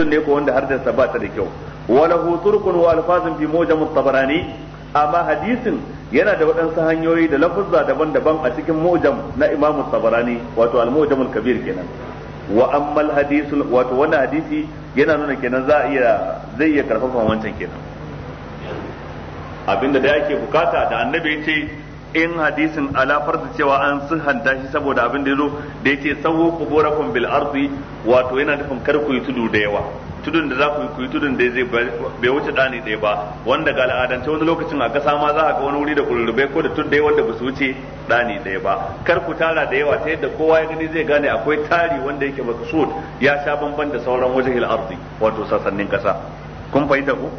mutum ne ko wanda hardarsa ba ta da kyau walahu turqun wa alfazin fi mujam tabarani amma hadisin yana da waɗansu hanyoyi da lafuzza daban-daban a cikin mujam na imam tabarani wato al-mujam al-kabir kenan wa amma al wato wani hadisi yana nuna kenan za iya zai iya karfafa wancan kenan abinda da yake bukata da annabi ya ce in hadisin ala farz cewa an sihanta shi saboda abin da yazo da yake sawu kuburakum bil ardi wato yana nufin kar ku yi tudu da yawa tudun da za ku yi tudun da zai bai wuce dani ɗaya ba wanda ga al'adance wani lokacin a kasa ma za a ga wani wuri da kullurbe ko da tudde wanda ba su wuce dani ɗaya ba kar ku tara da yawa ta yadda kowa ya gani zai gane akwai tari wanda yake maksud ya sha bamban da sauran wajhil ardi wato sasannin kasa kun fahimta ku?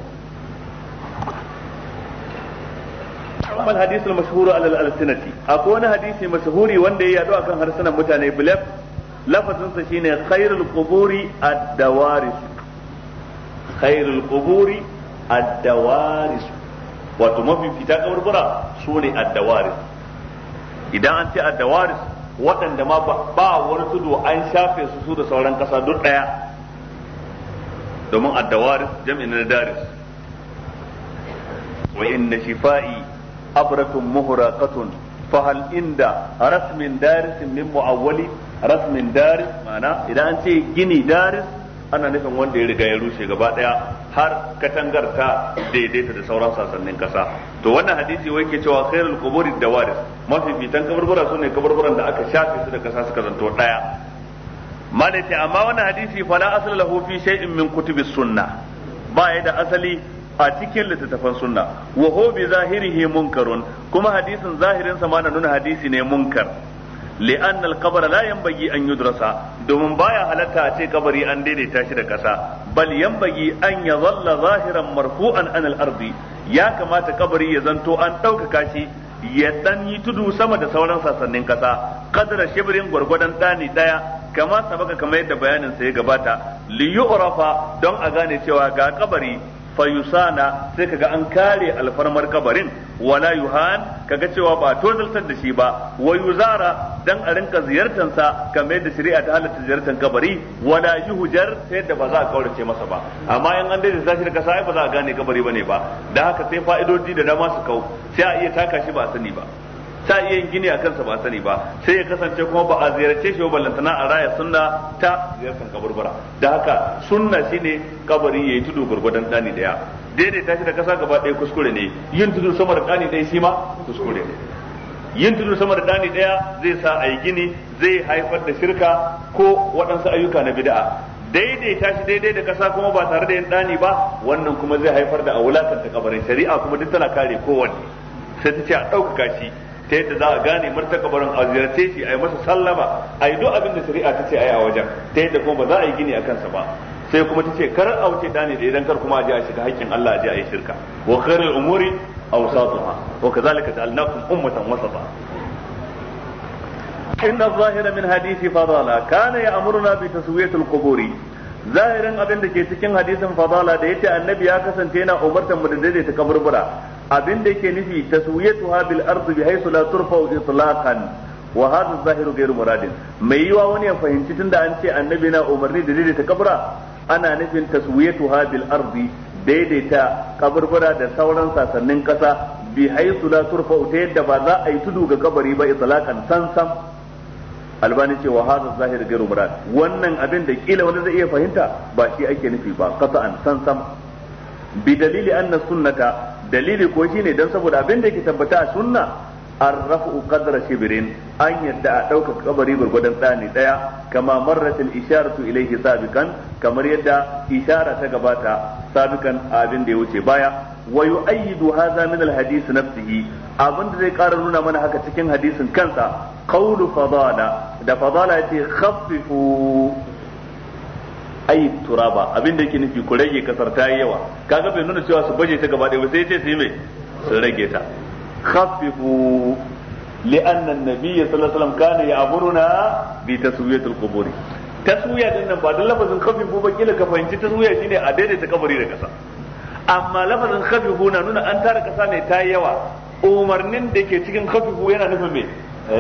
mal hadisul mashhuru alal alsinati akwai wani hadisi mashhuri wanda ya yadu akan harsunan mutane bilaf lafazinsa shine khairul quburi ad-dawaris khairul quburi ad-dawaris wato mafi fita kaburbura sune ad-dawaris idan an ce ad-dawaris waɗanda ma ba wani tudu an shafe su su da sauran kasa duk ɗaya domin adawari dawaris jam'in na daris wa inna shifa'i habratun muhraqatun fa hal inda rasmin daris min muawwali rasmin daris ma'ana idan an ce gini daris ana nufin wanda ya riga ya rushe gaba har katangar ta daidaita da sauran sassanin kasa to wannan hadisi wai ke cewa khairul quburi dawaris fitan kaburbura sune kaburburan da aka shafe su da kasa suka zanto daya malai amma wannan hadisi fala asala lahu fi shay'in min kutubis sunnah ba ya da asali a cikin littattafan sunna wa ho bi zahirihi munkarun kuma hadisin zahirin sa mana nuna hadisi ne munkar anna al-qabr la yanbaghi an yudrasa domin baya halarta a ce kabari an daidaita shi da kasa bal yanbaghi an yadhalla zahiran marfu'an an al-ardi ya kamata kabari ya zanto an ɗaukaka shi ya dan yi tudu sama da sauran sassanin kasa kadara shibrin gwargwadon dani daya kama sabaka kamar yadda bayanin sa ya gabata li yu'rafa don a gane cewa ga kabari fayusana sai kaga an kare alfarmar kabarin wala yuhan kaga cewa ba tozaltar da shi ba wa yuzara dan a rinka ziyartar sa kamar da shari'a ta halatta ziyartar kabari wala yuhjar sai yadda ba za a kaurace masa ba amma in an daidaita shi da kasa ba za a gane kabari bane ba da haka sai fa'idodi da dama su kau sai a iya taka shi ba sani ba ta iya yin gini a kansa ba sani ba sai ya kasance kuma ba a ziyarce shi ba lantana a raya sunna ta ziyartar kaburbura da haka sunna shine kabari yi tudu gurgudan dani daya ta shi da kasa gaba ɗaya kuskure ne yin tudu sama da ɗani ɗaya shi ma kuskure ne yin tudu sama da dani daya zai sa a yi gini zai haifar da shirka ko waɗansu ayyuka na bid'a ta shi daidai da kasa kuma ba tare da yin dani ba wannan kuma zai haifar da a wulakanta kabarin shari'a kuma duk tana kare kowanne sai ta ce a ɗaukaka shi ta yadda za a gane martakabarin a ziyarce shi a yi masa sallama a yi duk abin da shari'a ta ce a yi a wajen ta yadda kuma ba za a yi gini a kansa ba sai kuma ta ce kar a wuce da ne da idan kar kuma a je a shiga haƙƙin Allah a je a yi shirka wa khairul umuri awsatuha wa kadhalika ja'alnakum ummatan ba. inna zahira min hadisi fadala kana ya'muruna bi taswiyatil quburi zahirin abin da ke cikin hadisin fadala da yace annabi ya kasance yana umartar mu da daidaita kaburbura abin da yake nufi taswiyatuha bil ardi bi haythu la turfa'u itlaqan wa hadha zahiru ghayru muradin mai yiwa wani ya fahimci tunda an ce annabi na umarni da daidaita kabura ana nufin taswiyatuha bil ardi daidaita kaburbura da sauran sasannin kasa bi haythu la turfa'u ta yadda ba za a yi tudu ga kabari ba itlaqan sansan. albani ce wa hadha zahiru ghayru murad wannan abin da kila wani zai iya fahimta ba shi ake nufi ba qata'an sansam bi dalili anna sunnata dalili ko shine dan saboda abin da yake tabbata a sunna arrafu qadra shibrin an yadda a dauka kabari gurgudan tsani daya kama marratil isharatu ilayhi sabiqan kamar yadda ishara ta gabata sabiqan abin da ya wuce baya wa yu'ayyidu hadha min alhadith nafsihi abin da zai ƙara nuna mana haka cikin hadisin kansa qawlu fadala da fadala yace khaffifu ai turaba abin da yake nufi ku rage kasar ta yi yawa kaga bai nuna cewa su baje ta gaba ɗaya ba sai ce su yi mai su rage ta khaffifu لأن النبي صلى الله ba وسلم كان يأمرنا بتسوية القبور تسوية دينا بعد لفظ a بكيلة كفاينتي kasa. شيني أديني تكبري na nuna an kasa ta umarnin da ke cikin kafifu yana nufin mai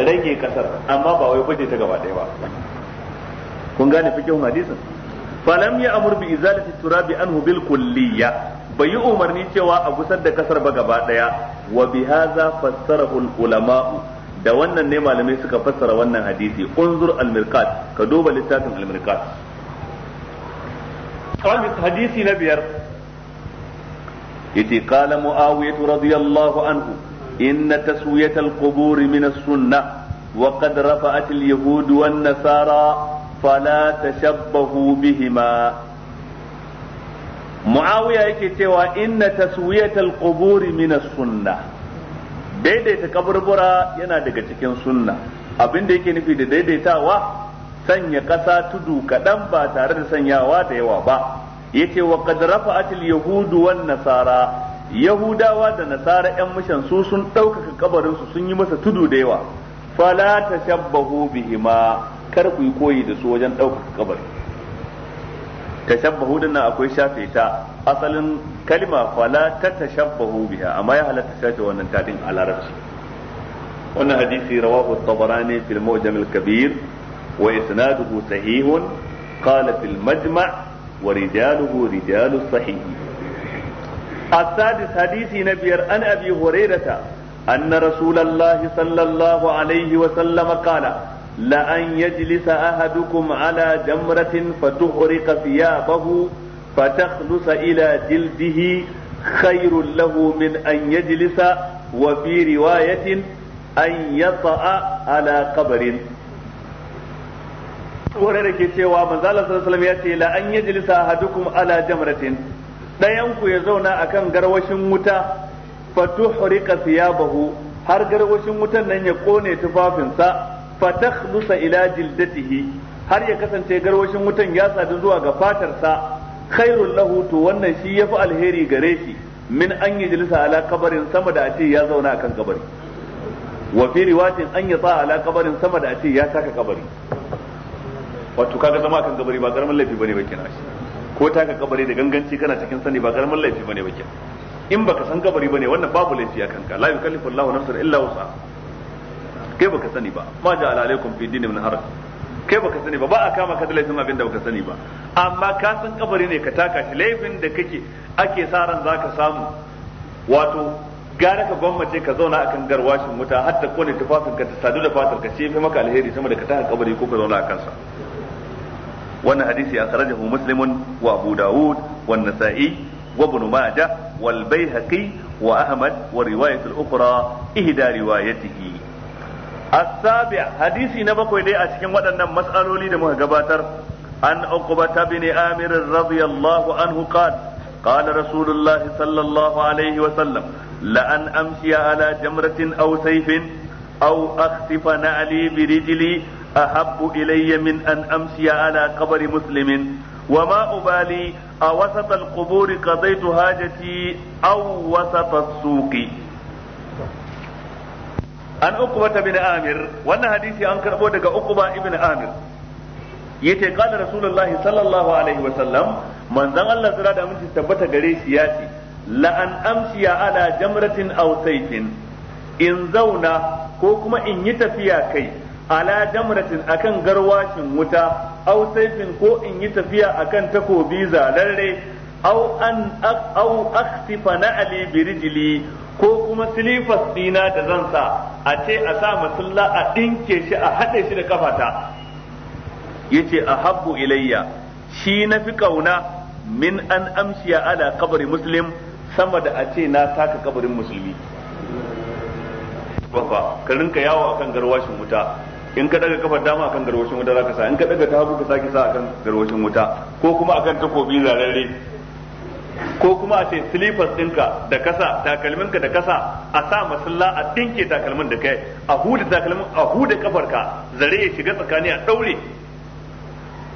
rage kasar amma ba wai baje ta gaba ɗaya ba kun gane fikin hadisin falam ya amur bi izalati turabi anhu bil kulliyya bai yi umarni cewa a gusar da kasar ba gaba daya wa bi hadha fassarahu ulama'u da wannan ne malamai suka fassara wannan hadisi unzur al-mirqat ka duba littafin al-mirqat hadisi na biyar yace qala muawiyah radiyallahu anhu inna taswiyat al-qubur min as-sunnah wa qad rafa'at al-yahud wan-nasara fala tashabbahu بهما muawiya yake cewa inna taswiyatal quburi min as-sunnah daidaita kaburbura yana daga cikin sunna abin da yake nufi da daidaitawa sanya ƙasa tudu kaɗan ba tare da sanyawa da yawa ba yace wa qad atil yahudu wan nasara yahudawa da nasara yan mishan su sun ɗaukaka kabarin sun yi masa tudu da yawa fala tashabbahu bihima kar ku yi koyi da su wajen ɗaukaka kabari tashabbahu din akwai shafe ta asalin kalma fala ta tashabbahu biha amma ya halatta shafe wannan tadin a larabci wannan hadisi rawahu tabarani fil mawjam al kabir wa isnaduhu sahihun qala fil majma' wa rijaluhu rijalu sahih السادس حديث نبي عن أبي هريرة أن رسول الله صلى الله عليه وسلم قال لأن يجلس أحدكم على جمرة فتحرق ثيابه فتخلص إلى جلده خير له من أن يجلس وفي رواية أن يطأ على قبر wurin da ke cewa manzalar sallallahu ya ce la an yajlisa ahadukum ala jamratin dayan ya zauna akan garwashin wuta fatuhriqa thiyabahu har garwashin wutan nan ya kone tufafinsa fatakhlusa ila jildatihi har ya kasance garwashin wutan ya sadu zuwa ga fatarsa khairul lahu to wannan shi yafi alheri gare shi min an yajlisa ala kabarin sama da a ya zauna akan kabari wa fi riwayatin an yata ala kabarin sama da a ya taka kabari wato kaga zama akan kabari ba karamin laifi bane ba shi ko taka kabari da ganganci kana cikin sani ba karamin laifi bane ba kina in baka san kabari bane wannan babu laifi akan ka la yukallifu Allahu nafsan illa wusaha kai baka sani ba ma ja'ala alaikum fi dini min haraj kai baka sani ba ba a kama ka da laifin abin da baka sani ba amma ka san kabari ne ka taka shi laifin da kake ake sa ran zaka samu wato gara ka gwammace ka zauna akan garwashin wuta har ta kone tufafin ka ta sadu da fatar ka ce fi maka alheri sama da ka taka kabari ko ka zauna akan sa wannan hadisi akhrajahu muslimun wa abu daud wa nasa'i wa ibn majah wal bayhaqi wa ahmad wa riwayatul ukhra ihda riwayatihi السابع حديثي نبقى دي أشكين ودنا مسألولي دي مهجباتر عن عقبة بن عامر رضي الله عنه قال قال رسول الله صلى الله عليه وسلم لأن أمشي على جمرة أو سيف أو أخسف نعلي برجلي أحب إلي من أن أمشي على قبر مسلم وما أبالي أوسط القبور قضيت حاجتي أو وسط السوق an ta bin amir wannan hadisi an karbo daga ukuba ibn amir yace qala rasulullahi sallallahu alaihi wasallam manzon Allah zira da aminci tabbata gare shi ya ce la an amshiya ala jamratin aw saifin in zauna ko kuma in yi tafiya kai ala jamratin akan garwashin wuta aw saifin ko in yi tafiya akan takobi zalarre aw an aw akhtifa na'ali ko kuma silifas dina da zan sa a ce a sa masulla a dinke shi a haɗe shi da kafata yace habbu ilayya shi na fi kauna min an amsiya ala kabari muslim sama da a ce na taka kabarin musulmi bafa ka rinka yawo akan garwashin wuta in ka daga kafar dama akan garwashin wuta zaka sa in ka daga ta hagu ka saki sa akan garwashin wuta ko kuma akan takobi zararre ko kuma a ce silifas ɗinka da kasa takalminka da kasa a sa masalla a ɗinke takalmin da kai a huda takalmin a kafarka zare ya shiga tsakani a ɗaure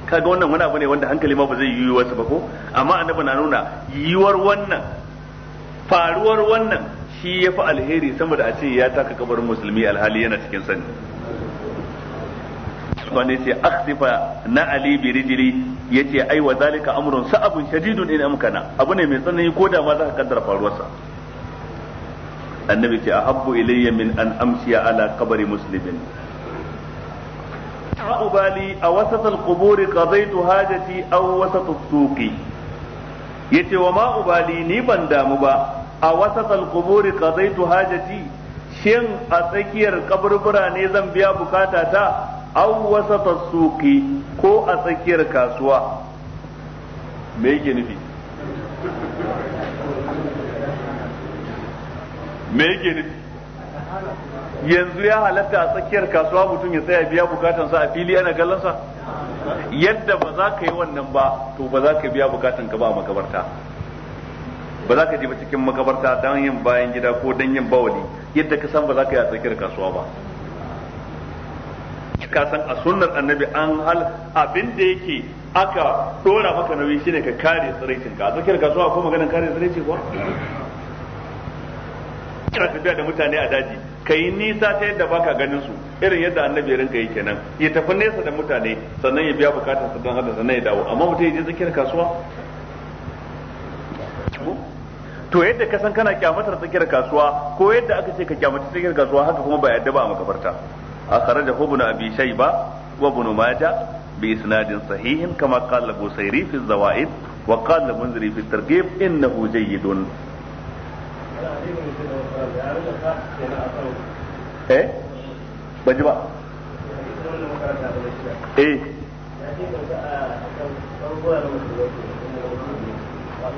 kaga wannan wani abu ne wanda hankali ma ba zai yi wasu ba ko amma annabi na nuna yiwuwar wannan faruwar wannan shi ya fi alheri saboda a ce ya taka kabarin musulmi alhali yana cikin sani wanda yace akhsifa na ali bi rijli yace ai wa zalika amrun sa'abun shadidun in amkana abu ne mai tsanani ko da ma za ka faruwar sa. annabi ce ahabbu ilayya min an amshiya ala qabri muslimin ubali a wasatal quburi qadaitu hajati aw wasatus suqi yace wa ma ubali ni ban damu ba a wasatal quburi qadaitu hajati shin a tsakiyar kaburbura ne zan biya bukata ta aw wasata suqi ko a tsakiyar kasuwa me yake nufi me yake nufi yanzu ya halatta a tsakiyar kasuwa mutum ya tsaya biya bukatansa a fili ana gallansa yadda ba za ka yi wannan ba to ba za ka biya ka ba a makabarta ba za ka je ba cikin makabarta don yin bayan gida ko don yin bawali yadda ka san ba za ka yi a tsakiyar kasuwa ba ka san a sunnar annabi an hal abin da yake aka dora maka nauyi shine ka kare tsiraicin ka a tsakiyar kasuwa ko maganar kare tsiraici kuwa kira tafiya da mutane a daji ka yi nisa ta yadda baka ganin su irin yadda annabi ya rinka yi kenan ya tafi nesa da mutane sannan ya biya bukatar sa don haka sannan ya dawo amma mutum ya je tsakiyar kasuwa to yadda ka san kana kyamatar tsakiyar kasuwa ko yadda aka ce ka kyamata tsakiyar kasuwa haka kuma ba yadda ba a makabarta akhrajahu ibn abi shayba wa ibn majah bi isnadin sahihin kama qala busairi fi zawaid wa qala munziri fi targhib innahu jayyidun eh ba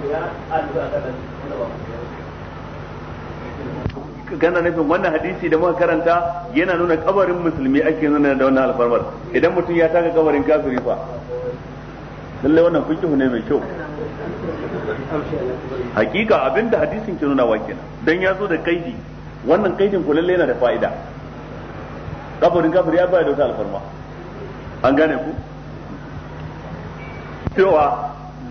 ya gana nufin wannan hadisi da muka karanta yana nuna kabarin musulmi ake nuna da wannan alfarmar idan mutum ya taka kabarin kafiri fa lallai wannan fikihu ne mai kyau hakika abinda hadisin ke nuna wake kenan dan ya zo da kaidi wannan kaidin ku lallai yana da fa'ida kabarin kafiri ya bayar da wata alfarma an gane ku cewa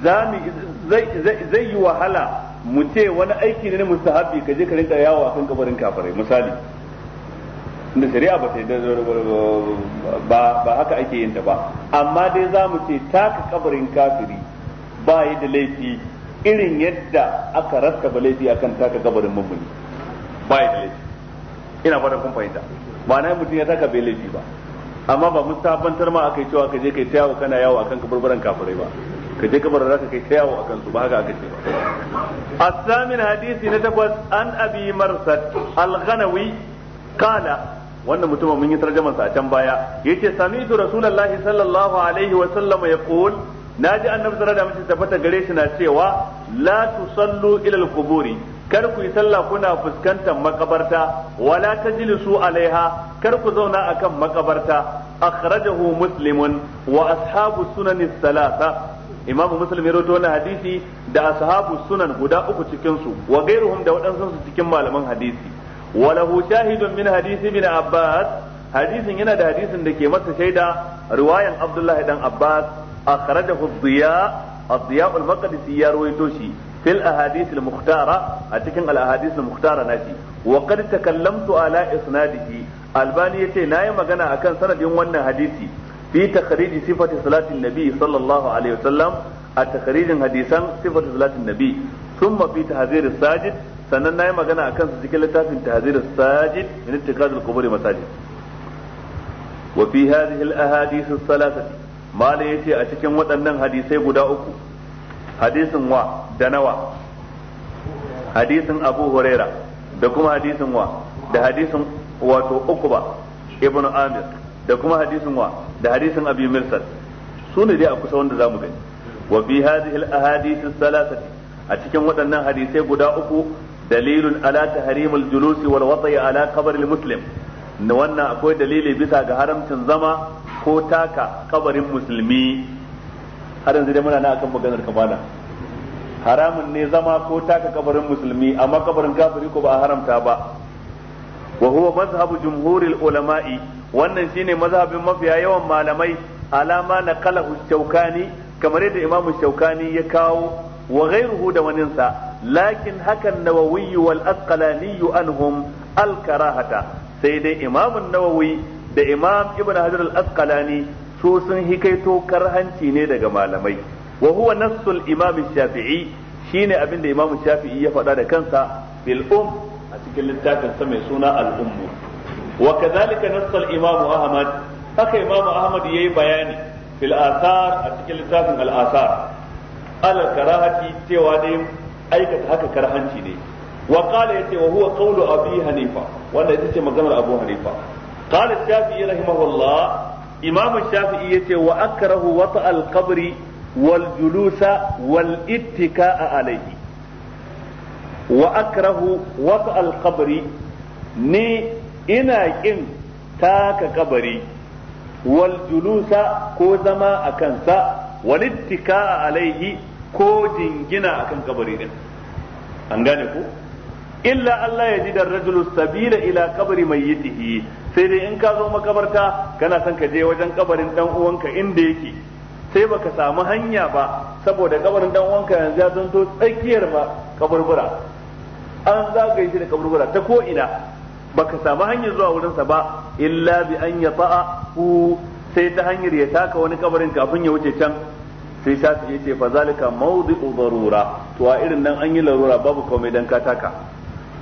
zai yi wahala mu ce wani aiki ne na sahabi ka je ka rinka yawo kan kabarin kafirai misali inda shari'a ba ta ba ba haka ake yin ta ba amma dai za mu ce taka kabarin kafiri ba yi da laifi irin yadda aka rasta ba laifi akan taka kabarin mummuni ba yi da laifi ina fara kun fahimta ba na mutum ya taka bai laifi ba amma ba sabantar ma aka yi cewa ka je yi ta yawo kana yawo akan kabarin kafirai ba ka je kabar za ka kai tayawo a kansu ba haka aka ce ba asamin hadisi na takwas an abi marsad al-ghanawi kala wannan mutumin mun yi tarjaman sa a can baya yace sami'tu rasulullahi sallallahu alaihi wa sallam yaqul naji annabi sallallahu alaihi wasallam tabbata gare shi na cewa la tusallu ila al-quburi kar ku yi sallah kuna fuskantar makabarta wala tajlisu alaiha kar ku zauna akan makabarta akhrajahu muslimun wa ashabu sunan salasa imamu muslim ya rawaito wannan hadisi da ashabu sunan guda uku cikin su wa da waɗansu cikin malaman hadisi wa lahu shahidun min hadisi bin abbas hadisin yana da hadisin da ke masa shaida riwayan abdullahi dan abbas akhrajahu dhiya الضياء المقدسي ya rawaito shi fil ahadith al a cikin al ahadith al muhtara nashi wa qad takallamtu ala isnadihi albani yace nayi magana akan sanadin wannan hadisi fi takhrij sifati salatin nabi sallallahu alaihi wasallam a takhrijin hadisan sifati salatin nabi thumma fi tahzir sajid sannan nayi magana a kansa cikin littafin tahzir sajid min ittikaz al-qubur masajid wa fi hadhihi al-ahadith al-thalathah mala yace a cikin waɗannan hadisai guda uku hadisin wa da nawa hadisin abu huraira da kuma hadisin wa da hadisin wato uku ba ibn amir da kuma hadisin wa da hadisin abi mirsal su ne dai a kusa wanda zamu gani wa fi hadhihi al-ahadith thalathati a cikin waɗannan hadisai guda uku dalilun ala tahrimil julusi wal wata'i ala qabr muslim wannan akwai dalili bisa ga haramcin zama ko taka kabarin musulmi har yanzu dai muna na akan maganar kabala haramun ne zama ko taka kabarin musulmi amma kabarin kafiri ko ba a haramta ba wa huwa mazhabu jumhuril ulama'i wannan shine mazhabin mafiya yawan malamai alama na kalahu shaukani kamar yadda imamu shaukani ya kawo wa ghairuhu da waninsa lakin hakan nawawi wal asqalani anhum al karahata sai dai imamun nawawi da imam ibn hajar al asqalani su sun hikaito karhanci ne daga malamai wa huwa nassul imam shafi'i shine abin da imam shafi'i ya faɗa da kansa bil um a cikin littafin sa mai suna al ummu wa kadhalika nassal imamu ahmad haka imamu ahmad yayi bayani fil athar a cikin littafin al'asa athar al karahati cewa dai aikata haka karhanci ne wa qala yace wa huwa qawlu abi hanifa wanda ita ce maganar abu hanifa qala shafi'i rahimahullah imam shafi'i yace wa akrahu wata al qabri wal julusa wal ittika'a alayhi wa akrahu wata al ni ina ƙin taka kabari wal julusa ko zama a kansa walittika alaihi ko jingina akan kabari din an gane ko illa Allah ya ji da rajulu sabila ila kabari mai yitihi sai dai in ka zo makabarta kana son ka je wajen kabarin dan uwanka inda yake sai baka samu hanya ba saboda kabarin dan uwanka yanzu ya zanto tsakiyar ma kabarbura an zagaye shi da kabarbura ta ko ina baka samu hanyar zuwa wurinsa ba illa bi an ya fa'a sai ta hanyar ya taka wani kabarin kafin ya wuce can sai shafi ya ce fazalika mawdi'u darura to a irin nan an yi larura babu komai dan ka taka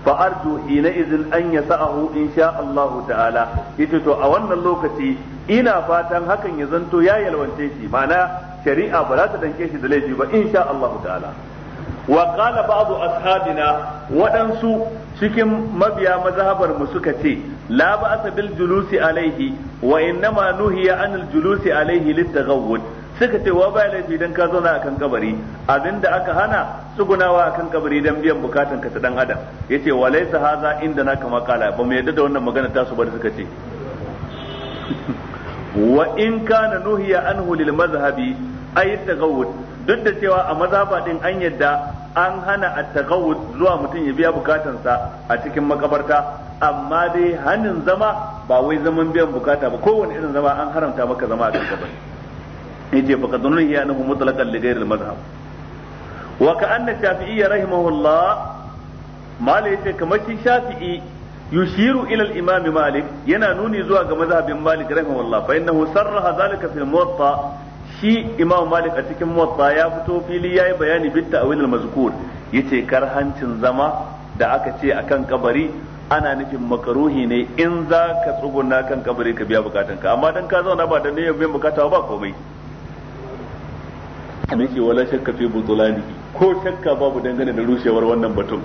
fa arju hina izin an yasa'ahu insha Allah ta'ala yace to a wannan lokaci ina fatan hakan ya zanto ya yalwance shi ma'ana shari'a ba za ta danke shi da laifi ba insha Allah ta'ala wa qala ba'du ashabina waɗansu cikin mabiya mazhabar mu suka ce la ba'sa bil julusi alaihi wa innama nuhiya anil julusi alaihi litaghawwud suka ce wa bai laifi dan ka zauna akan kabari abinda aka hana tsugunawa akan kabari dan biyan bukatun ka ta dan adam yace wa laysa hadha inda na kama kala ba mu yadda da wannan magana ta su ba suka ce wa in kana nuhiya anhu lil mazhabi ay tagawud duk da cewa a mazaba din an yadda an hana at-taqawud zuwa mutum ya biya bukatansa a cikin makabarta amma dai hanin zama ba wai zaman biyan bukata ba kowane irin zama an haramta maka zama a kan kabari yace fa kadunun ya annahu mutlaqan li ghayri al-madhhab wa anna shafi'i rahimahullah mali yace kamar shi shafi'i yushiru ila al-imam malik yana nuni zuwa ga mazhabin malik rahimahullah fa innahu sarraha zalika fil muwatta shi imam malik a cikin muwatta ya fito fili ya yi bayani bit ta'wil al mazkur yace karhancin zama da aka ce akan kabari ana nufin makaruhi ne in za ka tsuguna kan kabari ka biya ka, amma dan ka zauna ba da ne biyan bukata ba komai nake wala shakka fi butulani ko shakka babu dangane da rushewar wannan batun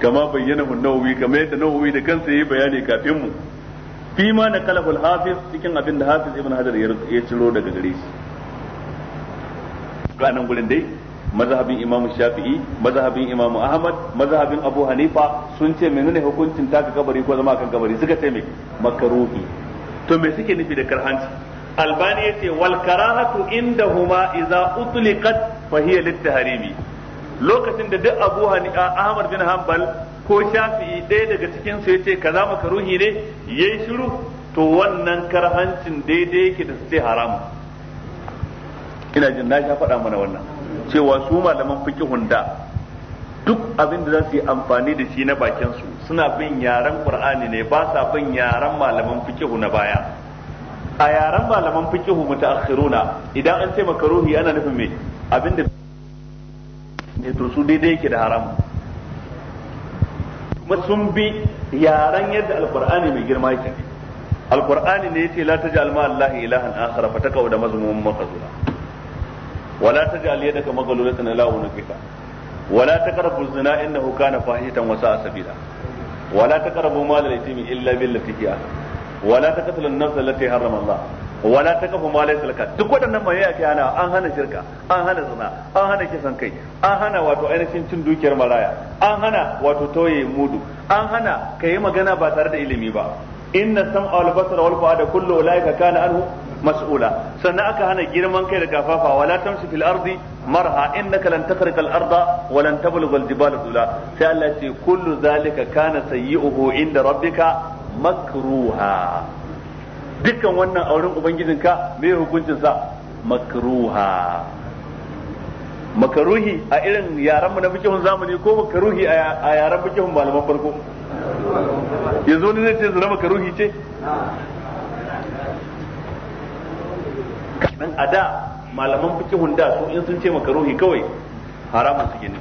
kama bayyana mun nawawi kama yadda nawawi da kansa yayi bayani kafin mu fi ma na kalaful hafiz cikin abin da hafiz ibn hajar ya ciro daga gare shi ga nan gurin dai mazhabin imamu shafi'i mazhabin imamu ahmad mazhabin abu hanifa sun ce menene hukuncin taka kabari ko zama kan kabari suka ce me makaruhi to me suke nufi da karhanci albani yace wal karahatu indahuma idza utliqat fa hiya lit lokacin da duk abu hanifa ahmad bin hanbal ko shafi'i ɗaya daga cikin su yace kaza makaruhi ne yayi shiru to wannan karhancin daidai yake da su ce haramu ina jin na sha faɗa mana wannan cewa su malaman fiqhun da duk abin da za su yi amfani da shi na bakin su suna bin yaren qur'ani ne ba sa bin yaren malaman fiqhu na baya a yaren malaman fiqhu mutaakhiruna idan an ce makaruhi ana nufin me abin da ne to su daidai yake da haram kuma sun bi yaren yadda alqur'ani mai girma yake alqur'ani ne yace la taj'al ma allahi ilahan akhar fa taqawda mazmumun makhzura wala taj'al yadaka na ila unuqika wala taqrabu zina innahu kana fahishatan wa sa'a sabila wala taqrabu mal al-yatimi illa billati hiya wala taqtulu an-nafs allati harrama Allah wala taqfu ma laysa laka duk waɗannan mai yake ana an hana shirka an hana zina an hana kisan kai an hana wato ainihin cin dukiyar maraya an hana wato toye mudu an hana ka yi magana ba tare da ilimi ba inna sam'a wal basara wal fu'ada kullu ulaika kana anhu mas'ula sannan aka hana girman kai da gafafa wala tamshi fil ardi marha innaka lan takhriqa al arda wa lan tablugha al jibala dula sai Allah ce kullu zalika kana sayyi'uhu inda rabbika makruha dukkan wannan auren ubangijinka me hukuncin sa makruha makaruhi a irin yaran mu na fikihun zamani ko makaruhi a yaran fikihun malaman farko yanzu wani zai ce maka makaruhi ce a da malaman fikihun da su in sun ce ruhi kawai haramun su gini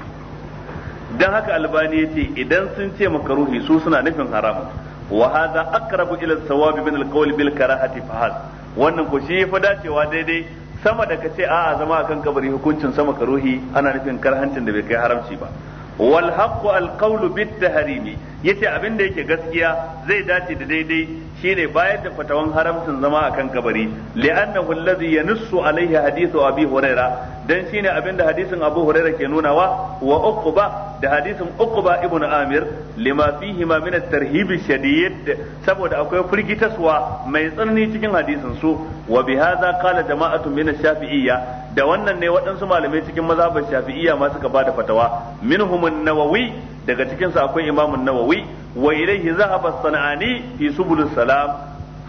dan haka albani ya ce idan sun ce makaruhi su suna nufin haramun wa hadha aqrabu ila sawabi min alqawl bil karahati fahad wannan ko shi fa dacewa daidai sama da ka kace a zama akan kabari hukuncin sama ruhi ana nufin karhancin da bai kai haramci ba wal haqqu al qawlu bit tahrimi yace abin da yake gaskiya zai dace da daidai shine bayar da fatawan haramcin zama akan kabari li'annahu allazi yanussu alaihi hadithu abi huraira dan shine abin da hadisin abu huraira ke nunawa wa uqba da hadisin uqba ibnu amir lima fihi ma min at-tarhib shadid saboda akwai firgitaswa mai tsanani cikin hadisin su wa hadha qala jama'atu min ash-shafi'iyya da wannan ne waɗansu malamai cikin mazhabin shafi'iyya ma suka bada fatawa minhum an-nawawi daga cikin sa akwai Imam nawawi wa ilaihi zahaba sanani fi subulus salam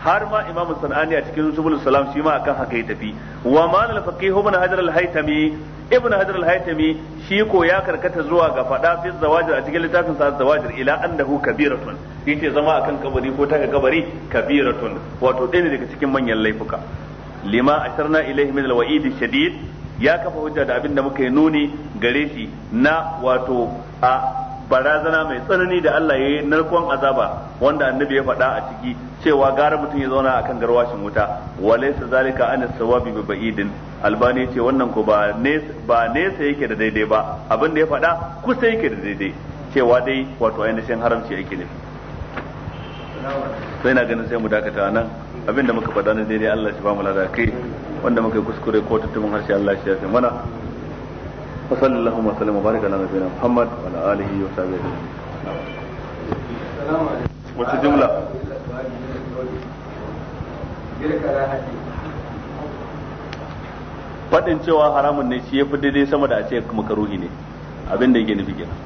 har ma Imam Sanani a cikin subulus salam shi ma akan haka ya tafi wa mal al-faqih ibn Hajar al-Haytami ibn Hajar al-Haytami shi ko ya karkata zuwa ga fada fi zawajir a cikin littafin sa zawajir ila annahu kabiratun yace zama akan kabari ko taka kabari kabiratun wato ɗaya ne daga cikin manyan laifuka lima asharna ilaihi min al-wa'id shadid ya kafa hujja da abin da muka yi nuni gare shi na wato a barazana mai tsanani da Allah ya yi narkon azaba wanda annabi ya faɗa a ciki cewa gara mutum ya zauna akan garwashin wuta walaysa zalika an sawabi bi ba'idin albani ce wannan ko ba ba nesa yake da daidai ba abin da ya faɗa kusa yake da daidai cewa dai wato ainihin haramci yake ne sai na ganin sai mu dakata nan abin da muka faɗa na daidai Allah shi ba mu lada kai wanda muka yi kuskure ko tuttumin harshe Allah shi ya mana wa sallallahu wa sallam wa baraka ala nabiyina muhammad wa ala alihi wa sahbihi Wa wata jumla faɗin cewa haramun ne shi ya fi daidai sama da a ce makaruhi ne abin da yake nufi kenan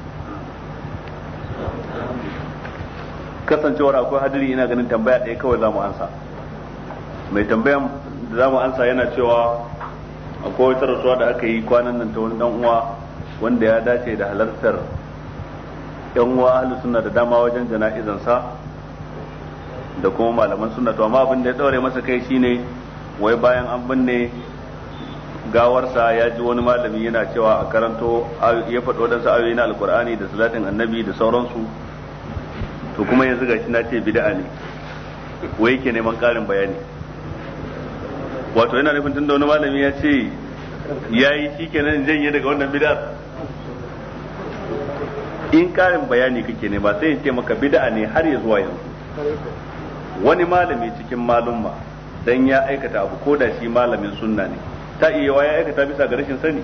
kasancewar akwai hadiri ina ganin tambaya ɗaya kawai za mu ansa mai tambayan da za mu ansa yana cewa akwai wata rasuwa da aka yi kwanan nan ta wani dan uwa wanda ya dace da halartar yan uwa ahli sunna da dama wajen jana'izan sa da kuma malaman sunna to amma abin da ya daure masa kai shine wai bayan an binne gawarsa ya ji wani malami yana cewa a karanto ya faɗi waɗansu ayoyi na alkur'ani da salatin annabi da sauransu to kuma yanzu gashi na ce bid'a ne wai yake neman ƙarin bayani wato yana nufin tunda wani malami ya ce ya yi shi kenan janye daga wannan bid'ar in karin bayani kake ne ba sai in ce maka bid'a ne har ya zuwa yanzu wani malami cikin malumma dan ya aikata abu ko da shi malamin sunna ne ta iya wa ya aikata bisa ga rashin sani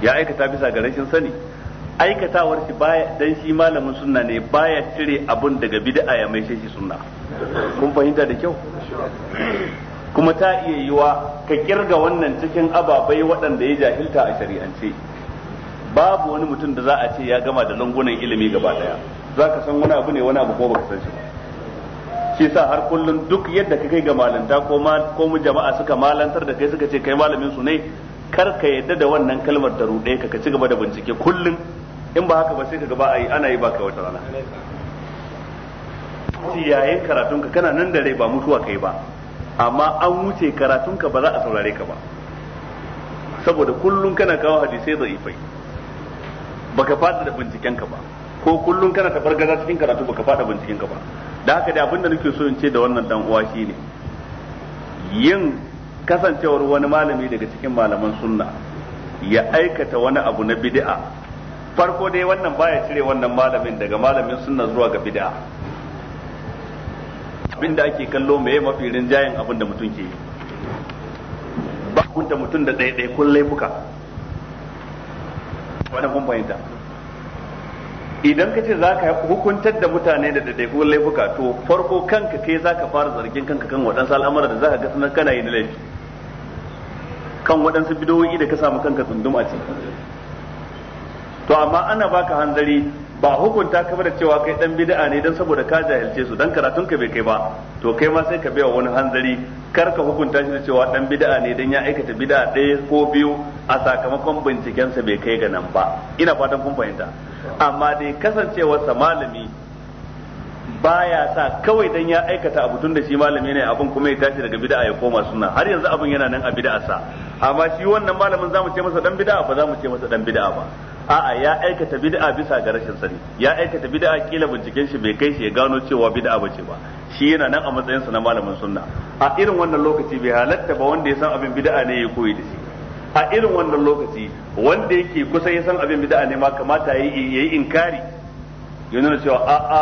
ya aikata bisa ga rashin sani aikatawar shi baya dan shi malamin sunna ne baya cire abun daga bid'a ya mai shi sunna kun fahimta da kyau kuma ta iya yiwa ka kirga wannan cikin ababai waɗanda ya jahilta a shari'ance babu wani mutum da za a ce ya gama da lungunan ilimi gaba daya za ka san wani abu ne wani abu ko baka san shi ba shi sa har kullum duk yadda ka kai ga malanta ko ma ko mu jama'a suka malantar da kai suka ce kai malamin su ne kar ka yadda da wannan kalmar da ruɗe ka ka ci gaba da bincike kullum in ba haka ba sai ka gaba a yi ana yi ba kai wata rana yayin karatunka kana nan da rai ba mutuwa kai ba amma an wuce karatunka ba za a saurare ka ba saboda kullum kana kawo hadisai ifai baka fada da binciken ka ba ko kullum kana gaza cikin karatu baka fada ka ba da haka da abinda nake so in ce da wannan dan uwa shine yin kasancewar wani malami daga cikin malaman sunna ya aikata wani abu na bid'a farko dai wannan baya cire wannan malamin daga malamin sunna zuwa ga bid'a abinda ake kallo yi mafi rinjayen abin da mutum ke yi ba kunta mutum da kun laifuka Wani kun fahimta idan ka ce za ka hukuntar da mutane da kun laifuka to farko kanka kai za ka fara zargin kanka kan waɗansu al'amura da za ka ga sanar kana yi da laifi kan waɗansu bidowoyi da ka samu kanka tsundum a ciki to amma ana baka hanzari ba hukunta ka da cewa kai dan bid'a ne dan saboda ka jahilce su dan karatun ka bai kai ba to kai ma sai ka bai wa wani hanzari kar ka hukunta shi da cewa dan bid'a ne dan ya aikata bid'a ɗaya ko biyu a sakamakon binciken sa bai kai ga nan ba ina fatan kun fahimta amma dai kasancewarsa malami baya sa kawai dan ya aikata abu tun da shi malami ne abin kuma ya tashi daga bid'a ya koma sunna har yanzu abin yana nan a bida sa amma shi wannan malamin zamu ce masa dan bid'a ba zamu ce masa dan bid'a ba a'a ya aikata bid'a bisa ga rashin sani ya aikata bid'a kila binciken shi bai kai shi ya gano cewa bid'a bace ba shi yana nan a matsayin sa na malamin sunna a irin wannan lokaci bai halatta ba wanda ya san abin bid'a ne ya koyi da shi a irin wannan lokaci wanda yake kusa ya san abin bid'a ne ma kamata yi yayi inkari ya nuna cewa a'a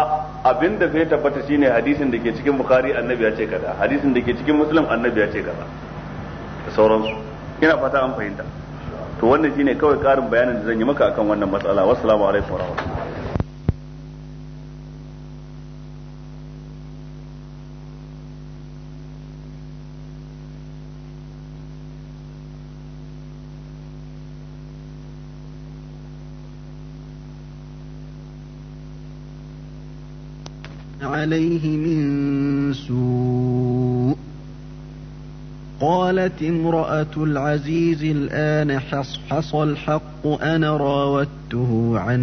abin da zai tabbata shine hadisin da ke cikin bukhari annabi ya ce kaza hadisin da ke cikin muslim annabi ya ce kaza da sauransu ina fata an fahimta to wannan shine kawai karin bayanin da zan yi maka akan wannan matsala wassalamu alaikum warahmatullahi عليه من سوء قالت امرأة العزيز الآن حصحص الحق أنا راودته عن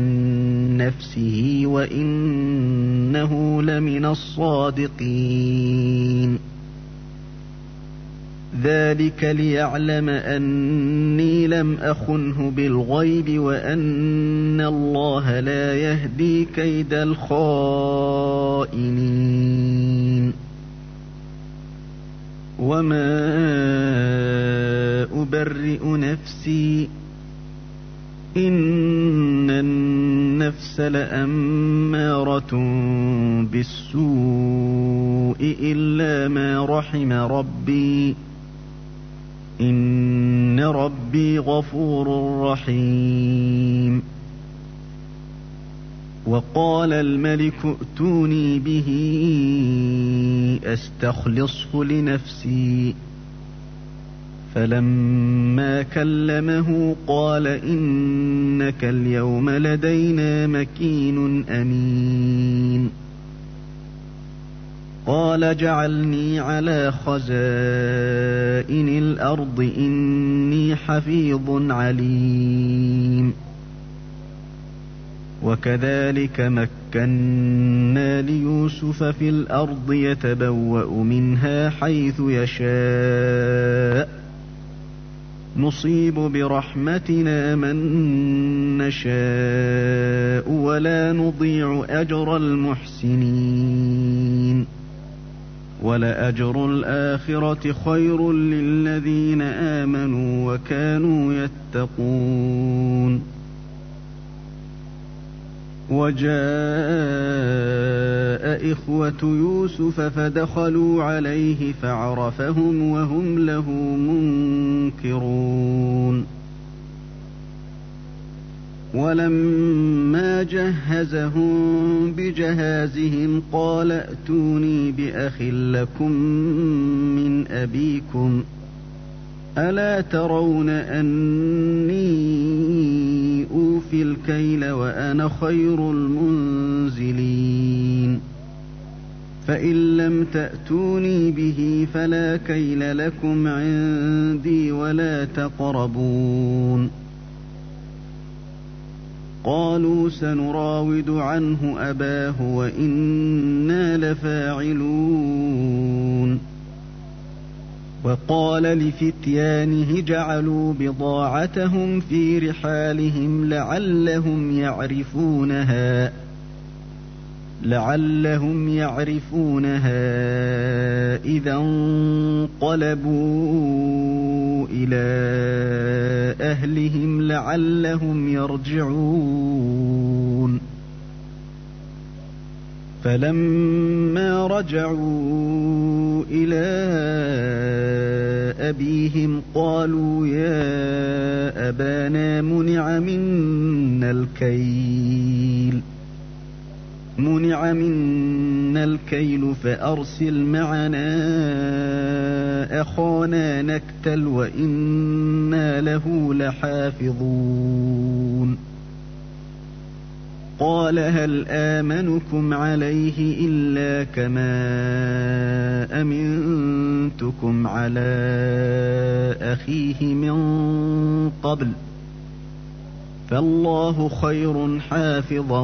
نفسه وإنه لمن الصادقين ذلك ليعلم أني لم أخنه بالغيب وأن الله لا يهدي كيد الخائنين وما أبرئ نفسي إن النفس لأمارة بالسوء إلا ما رحم ربي إن ربي غفور رحيم وقال الملك ائتوني به استخلصه لنفسي فلما كلمه قال انك اليوم لدينا مكين امين قال جعلني على خزائن الارض اني حفيظ عليم وكذلك مكنا ليوسف في الارض يتبوا منها حيث يشاء نصيب برحمتنا من نشاء ولا نضيع اجر المحسنين ولاجر الاخره خير للذين امنوا وكانوا يتقون وجاء إخوة يوسف فدخلوا عليه فعرفهم وهم له منكرون ولما جهزهم بجهازهم قال ائتوني بأخ لكم من أبيكم ۖ ألا ترون أني أوفي الكيل وأنا خير المنزلين فإن لم تأتوني به فلا كيل لكم عندي ولا تقربون قالوا سنراود عنه أباه وإنا لفاعلون وقال لفتيانه جعلوا بضاعتهم في رحالهم لعلهم يعرفونها لعلهم يعرفونها إذا انقلبوا إلى أهلهم لعلهم يرجعون فلما رجعوا إلى أبيهم قالوا يا أبانا منع منا الكيل منع منا الكيل فأرسل معنا أخانا نكتل وإنا له لحافظون قال هل آمنكم عليه إلا كما أمنتكم على أخيه من قبل فالله خير حافظا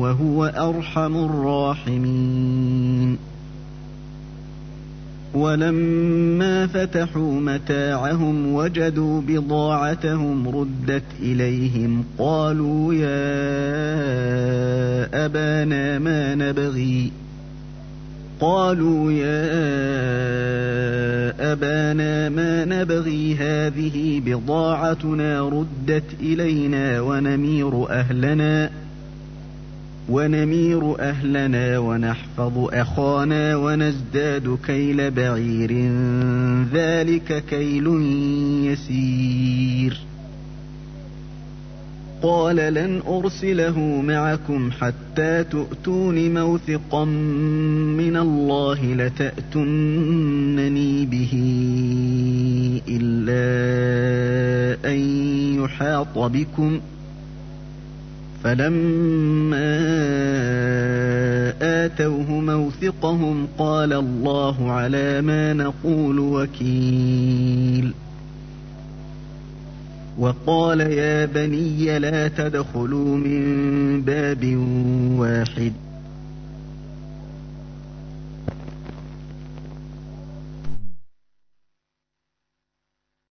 وهو أرحم الراحمين ولما فتحوا متاعهم وجدوا بضاعتهم ردت إليهم قالوا يا أبانا ما نبغي قالوا يا أبانا ما نبغي هذه بضاعتنا ردت إلينا ونمير أهلنا ۖ ونمير أهلنا ونحفظ أخانا ونزداد كيل بعير ذلك كيل يسير قال لن أرسله معكم حتى تؤتون موثقا من الله لتأتنني به إلا أن يحاط بكم ۖ فلما آتوه موثقهم قال الله على ما نقول وكيل وقال يا بني لا تدخلوا من باب واحد